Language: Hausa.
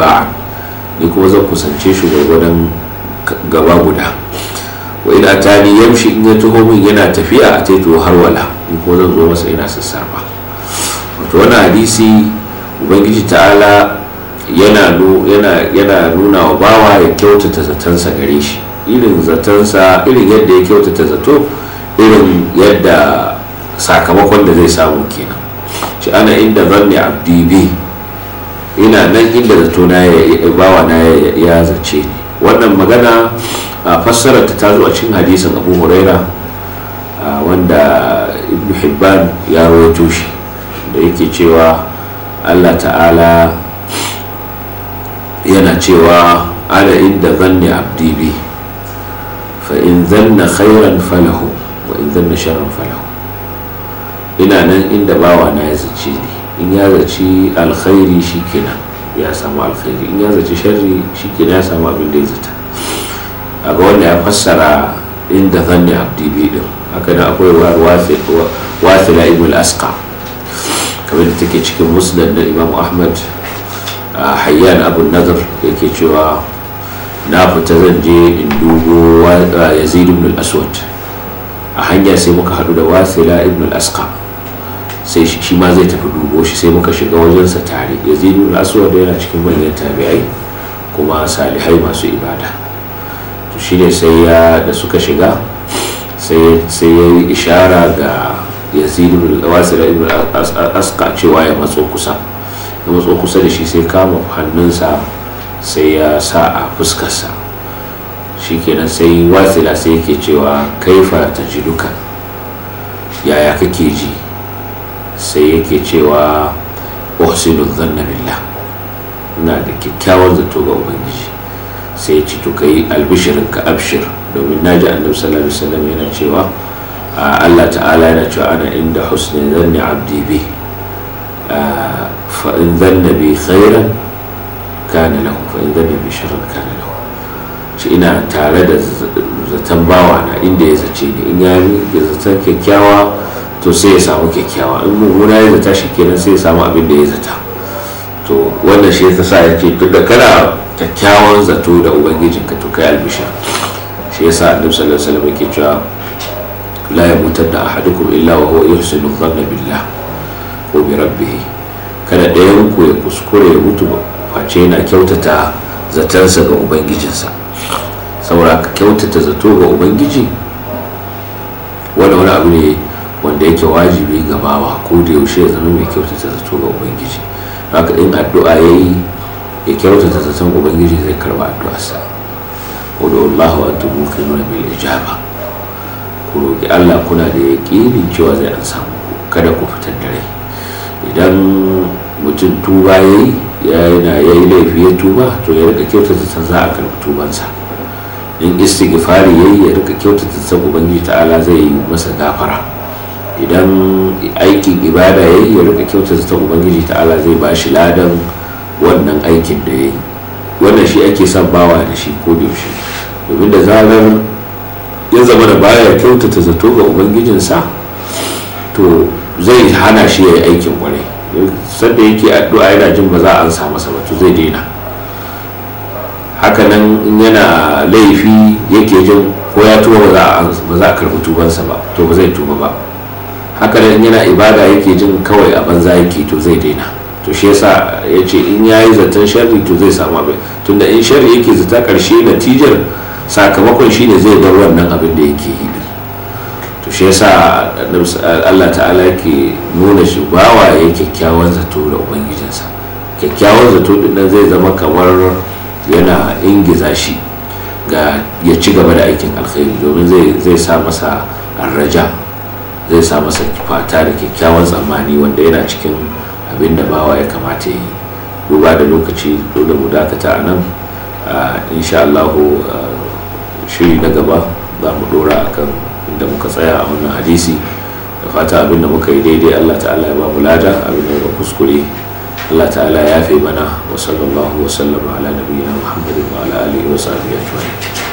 ba'a ni kuma zan kusance shi gwargwadon gaba guda wa ina ni yamshi in ya taho min yana tafiya a taito har wala ni kuma zan zo masa ina sassafa wato wannan hadisi ubangiji ta'ala yana nuna wa bawa ya kyautata zatansa gare shi irin zatansa irin yadda ya kyautata zato irin yadda sakamakon da zai samu kenan shi ana inda zanni abdi bi ina nan inda zato na bawa na ya zace ni wannan magana a fassarar ta zo a cikin hadisin abu huraira wanda ibn hibban ya rawaito shi da yake cewa allah ta'ala yana cewa ala inda zanni abdi bi fa in zanna khairan falahu wa in zanna sharran falahu ina nan inda bawa na ya zace ni in ya zaci alkhairi shi kenan ya samu alkhairi in ya zaci sharri shi kenan ya samu abin da ya zata a ga wanda ya fassara inda zanni abdi bi din haka da akwai wasila ibn asqa kamar da take cikin musnad na imam ahmad hayyan abu nazar yake cewa na fita zan je in dubo yazid ibn al-aswad a hanya sai muka hadu da wasila ibn al-asqa sai shi ma zai tafi dubo shi sai muka shiga wajensa tare yazidu aswad yana cikin manyan tabi'ai kuma salihai masu ibada to shine sai ya da suka shiga sai sai ya yi ishara ga yazidu bin wasila ibn aska cewa ya matso kusa ya matso kusa da shi sai kama hannunsa sai ya sa a fuskarsa shikenan sai wasila sai yake cewa kaifa duka yaya kake ji sai yake cewa uhsinul zanna billah ina da kyakkyawan zato ga ubangiji sai ya ci to kai albishirin ka abshir domin naji annabi sallallahu alaihi wasallam yana cewa Allah ta'ala yana cewa ana inda husnin zanni abdi bi fa in zanna bi khairan kana lahu fa in zanna bi sharran kana lahu ce ina tare da zaton bawa na inda ya zace ni in ya yi zaton kyakkyawa to sai ya samu kyakkyawa in mummuna ya zata shi kenan sai ya samu abin da ya zata to wannan shi ya sa ya ce tun da kana kyakkyawan zato da ubangijin ka to kai albisha shi ya sa annabi sallallahu alaihi wasallam ke cewa la yamutan da ahadukum illa wa huwa yuhsinu dhanna billah ko bi rabbih kada ɗayan ku ya kuskure ya mutu face yana kyautata zatarsa ga ubangijinsa saboda ka kyautata zato ga ubangiji wanda wani abu ne wanda yake wajibi ga bawa ko da yaushe ya zama mai kyautata zato ga ubangiji haka in addu'a ya yi ya kyautata zaton ubangiji zai karba addu'arsa wadda allahu wa tubu kalmar bil ijaba ku roƙi allah kuna da yaƙinin cewa zai an samu kada ku fitar da rai idan mutum tuba ya yi yana ya yi laifi ya tuba to ya rika kyautata san za a karɓi tubansa in istighfari ya yi ya rika kyautata san ubangiji ta'ala zai yi masa gafara idan aikin ibada ya yi ya rika kyautar ta ubangiji ta'ala zai ba shi ladan wannan aikin da ya yi wannan shi ake son bawa da shi ko yaushe domin da zarar ya zama da baya kyautata zato ga ubangijinsa to zai hana shi ya yi aikin kwarai sanda yake addu'a yana jin ba za a ansa masa ba to zai daina hakanan in yana laifi yake jin ko ya tuba ba za a karɓi tubansa ba to ba zai tuba ba haka da yana ibada yake jin kawai a banza yake to zai daina to shi yasa ya ce in ya yi zaton sharri to zai samu abin tunda in sharri yake zata karshe natijar sakamakon shine zai bar wannan abin da yake yi to shi yasa Allah ta'ala yake nuna shi bawa ya kyakkyawan zato da ubangijinsa kyakkyawan zato din zai zama kamar yana ingiza shi ga ya ci gaba da aikin alkhairi domin zai sa masa arraja zai sa masa fata da kyakkyawan tsammani wanda yana cikin abin da bawa ya kamata yi duba da lokaci dole mu dakata a nan insha allahu shiri na gaba za mu dora kan inda muka tsaya a wannan hadisi da fata abin da muka yi daidai allah ta'ala ya ba mu lada abin da ya kuskure Allah ta'ala ya fi mana wa sallallahu wa sallama ala nabiyyina Muhammadin wa ala alihi wa sahbihi ajma'in